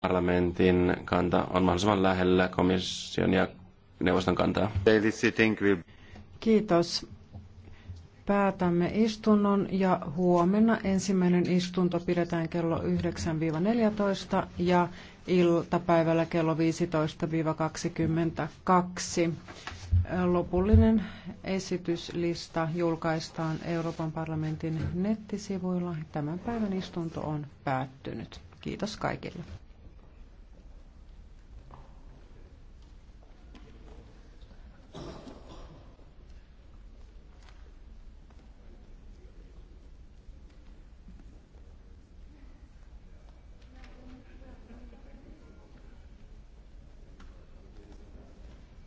parlamentin kanta on mahdollisimman lähellä komission ja neuvoston kantaa. Kiitos. Päätämme istunnon ja huomenna ensimmäinen istunto pidetään kello 9-14 ja iltapäivällä kello 15-22. Lopullinen esityslista julkaistaan Euroopan parlamentin nettisivuilla. Tämän päivän istunto on päättynyt. Kiitos kaikille.